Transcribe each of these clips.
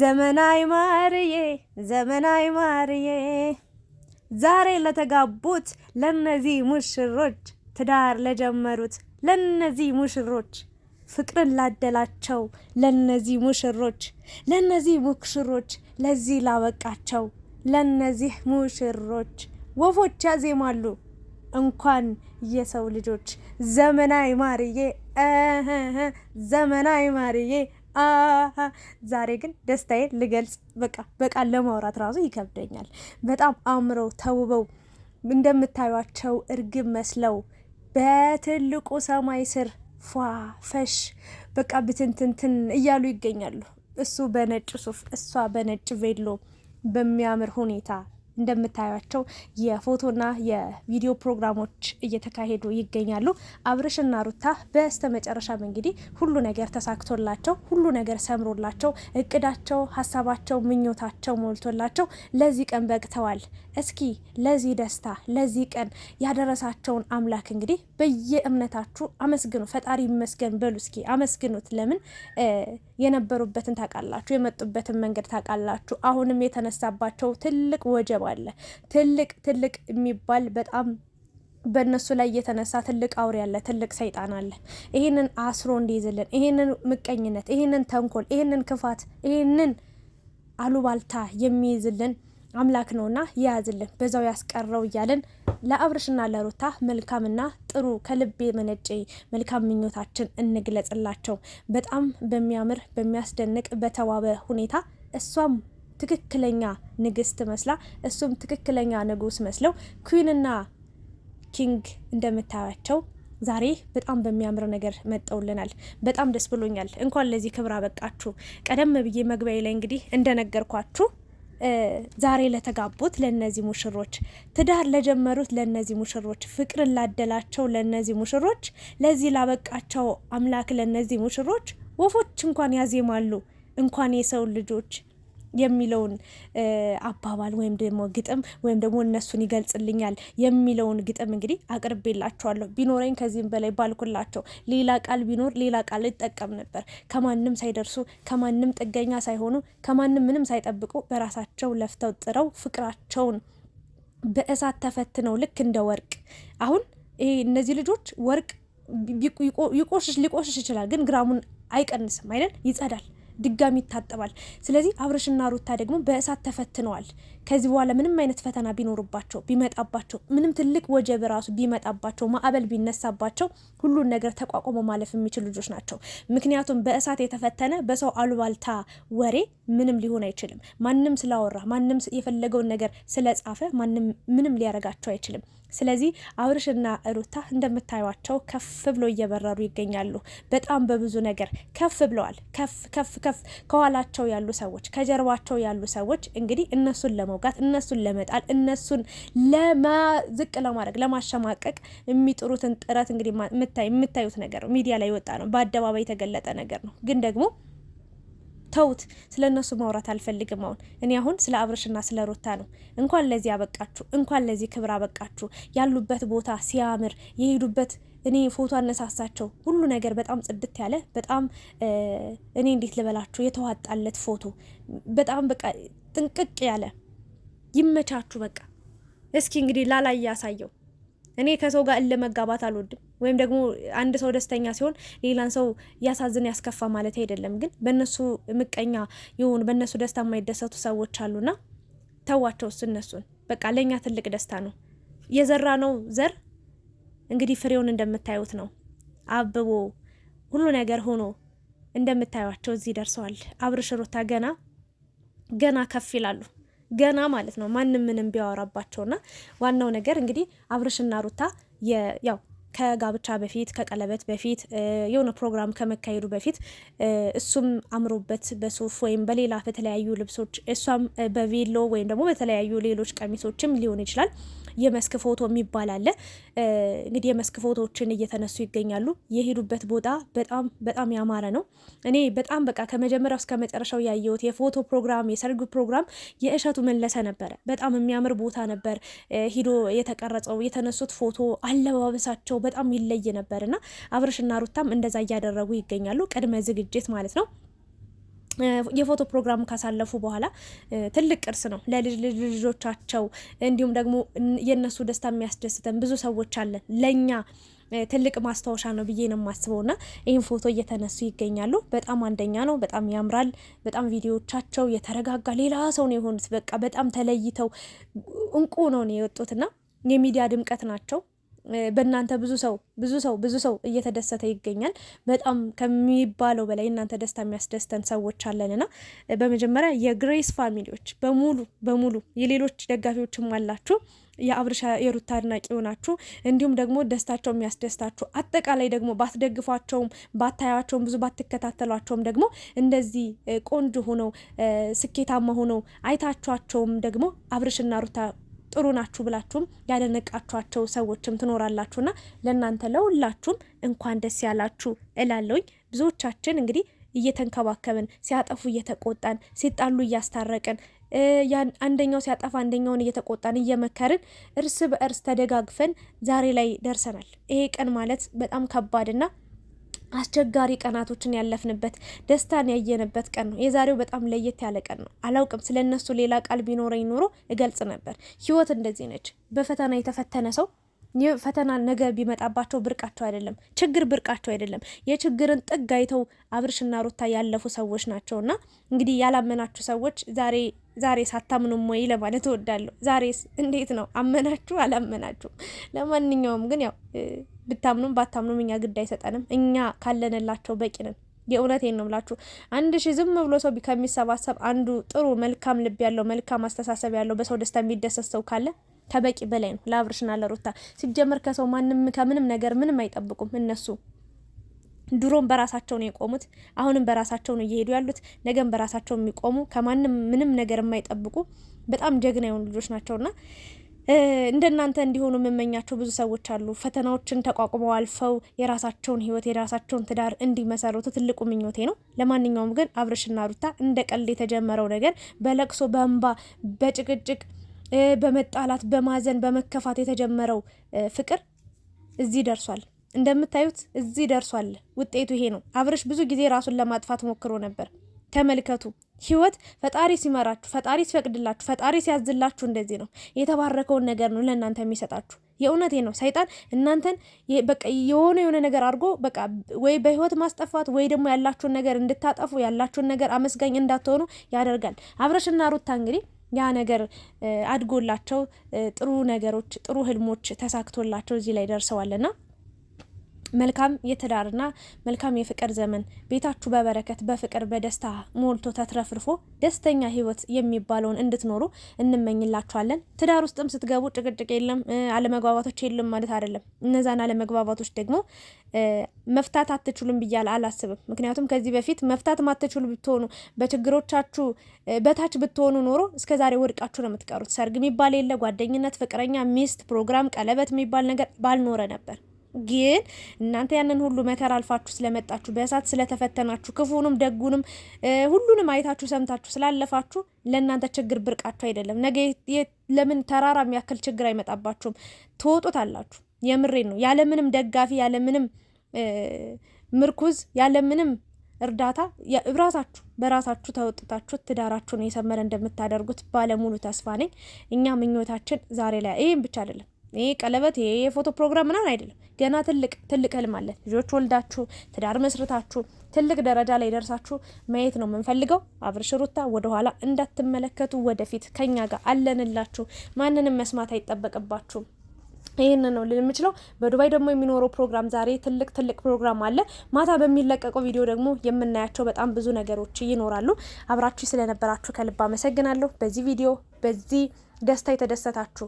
ዘመናዊ ማርዬ ዘመናዊ ማርዬ ዛሬ ለተጋቡት ለነዚህ ሙሽሮች ትዳር ለጀመሩት ለነዚህ ሙሽሮች ፍቅርን ላደላቸው ለነዚህ ሙሽሮች ለነዚህ ሙሽሮች ለዚህ ላበቃቸው ለነዚህ ሙሽሮች ወፎች ያዜማሉ እንኳን የሰው ልጆች ዘመናዊ ማርዬ ዘመናዊ ማርዬ ዛሬ ግን ደስታዬን ልገልጽ በቃ በቃ ለማውራት ራሱ ይከብደኛል። በጣም አምረው ተውበው እንደምታዩቸው እርግብ መስለው በትልቁ ሰማይ ስር ፏ ፈሽ በቃ ብትንትንትን እያሉ ይገኛሉ። እሱ በነጭ ሱፍ፣ እሷ በነጭ ቬሎ በሚያምር ሁኔታ እንደምታያቸው የፎቶና የቪዲዮ ፕሮግራሞች እየተካሄዱ ይገኛሉ። አብርሽና ሩታ በስተመጨረሻም እንግዲህ ሁሉ ነገር ተሳክቶላቸው ሁሉ ነገር ሰምሮላቸው እቅዳቸው፣ ሀሳባቸው፣ ምኞታቸው ሞልቶላቸው ለዚህ ቀን በቅተዋል። እስኪ ለዚህ ደስታ ለዚህ ቀን ያደረሳቸውን አምላክ እንግዲህ በየእምነታችሁ አመስግኑ። ፈጣሪ ይመስገን በሉ እስኪ አመስግኑት። ለምን የነበሩበትን ታውቃላችሁ፣ የመጡበትን መንገድ ታውቃላችሁ። አሁንም የተነሳባቸው ትልቅ ወጀብ ገንዘብ አለ። ትልቅ ትልቅ የሚባል በጣም በእነሱ ላይ የተነሳ ትልቅ አውሬ አለ፣ ትልቅ ሰይጣን አለ። ይህንን አስሮ እንዲይዝልን፣ ይህንን ምቀኝነት፣ ይህንን ተንኮል፣ ይህንን ክፋት፣ ይህንን አሉባልታ የሚይዝልን አምላክ ነውና የያዝልን በዛው ያስቀረው እያልን ለአብርሽና ለሩታ መልካምና ጥሩ ከልብ የመነጨ መልካም ምኞታችን እንግለጽላቸው። በጣም በሚያምር በሚያስደንቅ በተዋበ ሁኔታ እሷም ትክክለኛ ንግስት መስላ እሱም ትክክለኛ ንጉስ መስለው ኩዊንና ኪንግ እንደምታያቸው ዛሬ በጣም በሚያምር ነገር መጠውልናል። በጣም ደስ ብሎኛል። እንኳን ለዚህ ክብር አበቃችሁ። ቀደም ብዬ መግቢያ ላይ እንግዲህ እንደነገርኳችሁ ዛሬ ለተጋቡት ለእነዚህ ሙሽሮች፣ ትዳር ለጀመሩት ለእነዚህ ሙሽሮች፣ ፍቅርን ላደላቸው ለእነዚህ ሙሽሮች፣ ለዚህ ላበቃቸው አምላክ ለእነዚህ ሙሽሮች ወፎች እንኳን ያዜማሉ እንኳን የሰው ልጆች የሚለውን አባባል ወይም ደግሞ ግጥም ወይም ደግሞ እነሱን ይገልጽልኛል የሚለውን ግጥም እንግዲህ አቅርቤላቸዋለሁ። ቢኖረኝ ከዚህም በላይ ባልኩላቸው ሌላ ቃል ቢኖር ሌላ ቃል ይጠቀም ነበር። ከማንም ሳይደርሱ ከማንም ጥገኛ ሳይሆኑ ከማንም ምንም ሳይጠብቁ በራሳቸው ለፍተው ጥረው ፍቅራቸውን በእሳት ተፈትነው ልክ እንደ ወርቅ አሁን ይሄ እነዚህ ልጆች ወርቅ ይቆሽሽ ሊቆሽሽ ይችላል፣ ግን ግራሙን አይቀንስም አይደል? ይጸዳል። ድጋሚ ይታጠባል። ስለዚህ አብርሽና ሩታ ደግሞ በእሳት ተፈትነዋል። ከዚህ በኋላ ምንም አይነት ፈተና ቢኖርባቸው ቢመጣባቸው፣ ምንም ትልቅ ወጀብ ራሱ ቢመጣባቸው፣ ማዕበል ቢነሳባቸው ሁሉን ነገር ተቋቁሞ ማለፍ የሚችሉ ልጆች ናቸው። ምክንያቱም በእሳት የተፈተነ በሰው አሉባልታ ወሬ ምንም ሊሆን አይችልም። ማንም ስላወራ ማንም የፈለገውን ነገር ስለጻፈ ማንም ምንም ሊያረጋቸው አይችልም። ስለዚህ አብርሽና ሩታ እንደምታዩቸው ከፍ ብሎ እየበረሩ ይገኛሉ። በጣም በብዙ ነገር ከፍ ብለዋል። ከፍ ከፍ ከፍ ከኋላቸው ያሉ ሰዎች ከጀርባቸው ያሉ ሰዎች እንግዲህ እነሱን ለመ ለማውጋት፣ እነሱን ለመጣል፣ እነሱን ለማዝቅ ለማድረግ፣ ለማሸማቀቅ የሚጥሩትን ጥረት እንግዲህ የምታዩት ነገር ነው። ሚዲያ ላይ ወጣ ነው፣ በአደባባይ የተገለጠ ነገር ነው። ግን ደግሞ ተውት። ስለ እነሱ ማውራት አልፈልግም። አሁን እኔ አሁን ስለ አብርሽና ስለ ሩታ ነው። እንኳን ለዚህ አበቃችሁ፣ እንኳን ለዚህ ክብር አበቃችሁ። ያሉበት ቦታ ሲያምር የሄዱበት እኔ ፎቶ አነሳሳቸው ሁሉ ነገር በጣም ጽድት ያለ በጣም እኔ እንዴት ልበላችሁ የተዋጣለት ፎቶ በጣም በቃ ጥንቅቅ ያለ ይመቻቹ። በቃ እስኪ እንግዲህ ላላይ ያሳየው። እኔ ከሰው ጋር እለመጋባት አልወድም። ወይም ደግሞ አንድ ሰው ደስተኛ ሲሆን ሌላን ሰው ያሳዝን ያስከፋ ማለት አይደለም። ግን በእነሱ ምቀኛ የሆኑ በእነሱ ደስታ የማይደሰቱ ሰዎች አሉና ተዋቸው እነሱን። በቃ ለእኛ ትልቅ ደስታ ነው የዘራ ነው ዘር እንግዲህ ፍሬውን እንደምታዩት ነው አብቦ ሁሉ ነገር ሆኖ እንደምታዩቸው እዚህ ደርሰዋል። አብርሽ ሩታ ገና ገና ከፍ ይላሉ። ገና ማለት ነው ማንም ምንም ቢያወራባቸውና ዋናው ነገር እንግዲህ አብርሽና ሩታ ያው ከጋብቻ በፊት ከቀለበት በፊት የሆነ ፕሮግራም ከመካሄዱ በፊት እሱም አምሮበት በሱፍ ወይም በሌላ በተለያዩ ልብሶች እሷም በቬሎ ወይም ደግሞ በተለያዩ ሌሎች ቀሚሶችም ሊሆን ይችላል የመስክ ፎቶ የሚባል አለ። እንግዲህ የመስክ ፎቶዎችን እየተነሱ ይገኛሉ። የሄዱበት ቦታ በጣም በጣም ያማረ ነው። እኔ በጣም በቃ ከመጀመሪያው እስከ መጨረሻው ያየሁት የፎቶ ፕሮግራም የሰርግ ፕሮግራም የእሸቱ መለሰ ነበረ። በጣም የሚያምር ቦታ ነበር ሂዶ የተቀረጸው የተነሱት ፎቶ አለባበሳቸው በጣም ይለይ ነበር እና አብርሽና ሩታም እንደዛ እያደረጉ ይገኛሉ። ቅድመ ዝግጅት ማለት ነው። የፎቶ ፕሮግራም ካሳለፉ በኋላ ትልቅ ቅርስ ነው ለልጆቻቸው፣ እንዲሁም ደግሞ የእነሱ ደስታ የሚያስደስተን ብዙ ሰዎች አለን ለእኛ ትልቅ ማስታወሻ ነው ብዬ ነው የማስበው። ና ይህን ፎቶ እየተነሱ ይገኛሉ። በጣም አንደኛ ነው። በጣም ያምራል። በጣም ቪዲዮቻቸው የተረጋጋ ሌላ ሰው ነው የሆኑት። በቃ በጣም ተለይተው እንቁ ነው ነው የወጡት ና የሚዲያ ድምቀት ናቸው። በእናንተ ብዙ ሰው ብዙ ሰው ብዙ ሰው እየተደሰተ ይገኛል። በጣም ከሚባለው በላይ እናንተ ደስታ የሚያስደስተን ሰዎች አለንና በመጀመሪያ የግሬስ ፋሚሊዎች በሙሉ በሙሉ የሌሎች ደጋፊዎችም አላችሁ የአብርሻ የሩታ አድናቂ ሆናችሁ እንዲሁም ደግሞ ደስታቸው የሚያስደስታችሁ አጠቃላይ ደግሞ ባትደግፏቸውም ባታያቸውም ብዙ ባትከታተሏቸውም ደግሞ እንደዚህ ቆንጆ ሆነው ስኬታማ ሆነው አይታችኋቸውም ደግሞ አብርሽና ሩታ ጥሩ ናችሁ ብላችሁም ያደነቃችኋቸው ሰዎችም ትኖራላችሁና ለእናንተ ለሁላችሁም እንኳን ደስ ያላችሁ እላለውኝ። ብዙዎቻችን እንግዲህ እየተንከባከብን ሲያጠፉ እየተቆጣን ሲጣሉ እያስታረቅን አንደኛው ሲያጠፋ አንደኛውን እየተቆጣን እየመከርን እርስ በእርስ ተደጋግፈን ዛሬ ላይ ደርሰናል። ይሄ ቀን ማለት በጣም ከባድና አስቸጋሪ ቀናቶችን ያለፍንበት ደስታን ያየንበት ቀን ነው። የዛሬው በጣም ለየት ያለ ቀን ነው። አላውቅም ስለ እነሱ ሌላ ቃል ቢኖረኝ ኖሮ እገልጽ ነበር። ህይወት እንደዚህ ነች። በፈተና የተፈተነ ሰው ፈተና ነገ ቢመጣባቸው ብርቃቸው አይደለም፣ ችግር ብርቃቸው አይደለም። የችግርን ጥግ አይተው አብርሽና ሩታ ያለፉ ሰዎች ናቸውና እንግዲህ ያላመናችሁ ሰዎች ዛሬ ዛሬ ሳታምኑም ወይ ለማለት እወዳለሁ። ዛሬስ እንዴት ነው? አመናችሁ አላመናችሁም? ለማንኛውም ግን ያው ብታምኑም ባታምኑም እኛ ግድ አይሰጠንም። እኛ ካለንላቸው በቂ ነን። የእውነቴን ነው ብላችሁ አንድ ሺ ዝም ብሎ ሰው ከሚሰባሰብ አንዱ ጥሩ መልካም ልብ ያለው መልካም አስተሳሰብ ያለው በሰው ደስታ የሚደሰት ሰው ካለ ከበቂ በላይ ነው ለአብርሽና ለሩታ። ሲጀመር ከሰው ማንም ከምንም ነገር ምንም አይጠብቁም እነሱ ድሮም በራሳቸው ነው የቆሙት። አሁንም በራሳቸው ነው እየሄዱ ያሉት። ነገም በራሳቸው የሚቆሙ ከማንም ምንም ነገር የማይጠብቁ በጣም ጀግና የሆኑ ልጆች ናቸውና እንደናንተ እንዲሆኑ የምመኛቸው ብዙ ሰዎች አሉ። ፈተናዎችን ተቋቁመው አልፈው የራሳቸውን ህይወት የራሳቸውን ትዳር እንዲመሰረቱ ትልቁ ምኞቴ ነው። ለማንኛውም ግን አብርሽና ሩታ እንደ ቀልድ የተጀመረው ነገር በለቅሶ በእንባ በጭቅጭቅ በመጣላት በማዘን በመከፋት የተጀመረው ፍቅር እዚህ ደርሷል። እንደምታዩት እዚህ ደርሷል። ውጤቱ ይሄ ነው። አብርሽ ብዙ ጊዜ ራሱን ለማጥፋት ሞክሮ ነበር። ተመልከቱ። ህይወት ፈጣሪ ሲመራችሁ፣ ፈጣሪ ሲፈቅድላችሁ፣ ፈጣሪ ሲያዝላችሁ እንደዚህ ነው። የተባረከውን ነገር ነው ለእናንተ የሚሰጣችሁ። የእውነቴ ነው። ሰይጣን እናንተን በቃ የሆነ የሆነ ነገር አድርጎ በቃ ወይ በህይወት ማስጠፋት ወይ ደግሞ ያላችሁን ነገር እንድታጠፉ ያላችሁን ነገር አመስጋኝ እንዳትሆኑ ያደርጋል። አብረሽና ሩታ እንግዲህ ያ ነገር አድጎላቸው ጥሩ ነገሮች ጥሩ ህልሞች ተሳክቶላቸው እዚህ ላይ ደርሰዋልና መልካም የትዳርና መልካም የፍቅር ዘመን ቤታችሁ በበረከት በፍቅር በደስታ ሞልቶ ተትረፍርፎ ደስተኛ ህይወት የሚባለውን እንድትኖሩ እንመኝላችኋለን። ትዳር ውስጥም ስትገቡ ጭቅጭቅ የለም፣ አለመግባባቶች የለም ማለት አይደለም። እነዛን አለመግባባቶች ደግሞ መፍታት አትችሉም ብያል አላስብም። ምክንያቱም ከዚህ በፊት መፍታት ማትችሉ ብትሆኑ በችግሮቻችሁ በታች ብትሆኑ ኖሮ እስከዛሬ ወድቃችሁ ነው የምትቀሩት። ሰርግ የሚባል የለ፣ ጓደኝነት፣ ፍቅረኛ፣ ሚስት፣ ፕሮግራም፣ ቀለበት የሚባል ነገር ባልኖረ ነበር። ግን እናንተ ያንን ሁሉ መከራ አልፋችሁ ስለመጣችሁ በእሳት ስለተፈተናችሁ ክፉንም ደጉንም ሁሉንም አይታችሁ ሰምታችሁ ስላለፋችሁ ለእናንተ ችግር ብርቃችሁ አይደለም። ነገ ለምን ተራራ የሚያክል ችግር አይመጣባችሁም። ትወጡታላችሁ። የምሬን ነው። ያለምንም ደጋፊ፣ ያለምንም ምርኩዝ፣ ያለምንም እርዳታ ራሳችሁ በራሳችሁ ተወጥታችሁ ትዳራችሁን የሰመረ እንደምታደርጉት ባለሙሉ ተስፋ ነኝ። እኛ ምኞታችን ዛሬ ላይ ይህም ብቻ አይደለም ይሄ ቀለበት ይሄ የፎቶ ፕሮግራም ምናምን አይደለም። ገና ትልቅ ትልቅ ህልም አለ። ልጆች ወልዳችሁ ትዳር መስርታችሁ ትልቅ ደረጃ ላይ ደርሳችሁ ማየት ነው የምንፈልገው። አብርሽ ሩታ፣ ወደኋላ እንዳትመለከቱ፣ ወደፊት ከኛ ጋር አለንላችሁ። ማንንም መስማት አይጠበቅባችሁም። ይህን ነው ልል የምችለው። በዱባይ ደግሞ የሚኖረው ፕሮግራም ዛሬ ትልቅ ትልቅ ፕሮግራም አለ። ማታ በሚለቀቀው ቪዲዮ ደግሞ የምናያቸው በጣም ብዙ ነገሮች ይኖራሉ። አብራችሁ ስለነበራችሁ ከልብ አመሰግናለሁ። በዚህ ቪዲዮ በዚህ ደስታ የተደሰታችሁ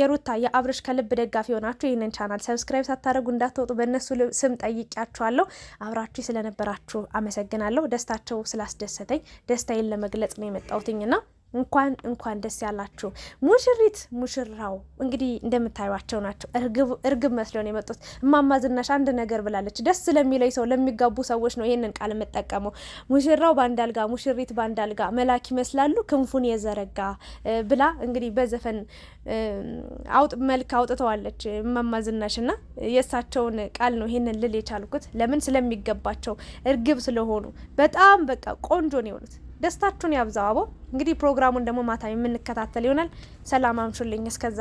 የሩታ የአብርሽ ከልብ ደጋፊ የሆናችሁ ይህንን ቻናል ሰብስክራይብ ሳታደርጉ እንዳትወጡ በእነሱ ስም ጠይቂያችኋለሁ። አብራችሁ ስለነበራችሁ አመሰግናለሁ። ደስታቸው ስላስደሰተኝ ደስታዬን ለመግለጽ ነው የመጣሁትኝና እንኳን እንኳን ደስ ያላችሁ ሙሽሪት ሙሽራው እንግዲህ እንደምታዩቸው ናቸው። እርግብ መስለው ነው የመጡት። እማማ ዝናሽ አንድ ነገር ብላለች። ደስ ለሚለይ ሰው ለሚጋቡ ሰዎች ነው ይህንን ቃል የምጠቀመው። ሙሽራው በአንድ አልጋ፣ ሙሽሪት በአንድ አልጋ መላክ ይመስላሉ ክንፉን የዘረጋ ብላ እንግዲህ በዘፈን አውጥ መልክ አውጥተዋለች እማማ ዝናሽ እና የእሳቸውን ቃል ነው ይህንን ልል የቻልኩት ለምን ስለሚገባቸው እርግብ ስለሆኑ በጣም በቃ ቆንጆ ነው የሆኑት። ደስታችሁን ያብዛው። አቦ እንግዲህ ፕሮግራሙን ደግሞ ማታ የምንከታተል ይሆናል። ሰላም አምሹልኝ እስከዛ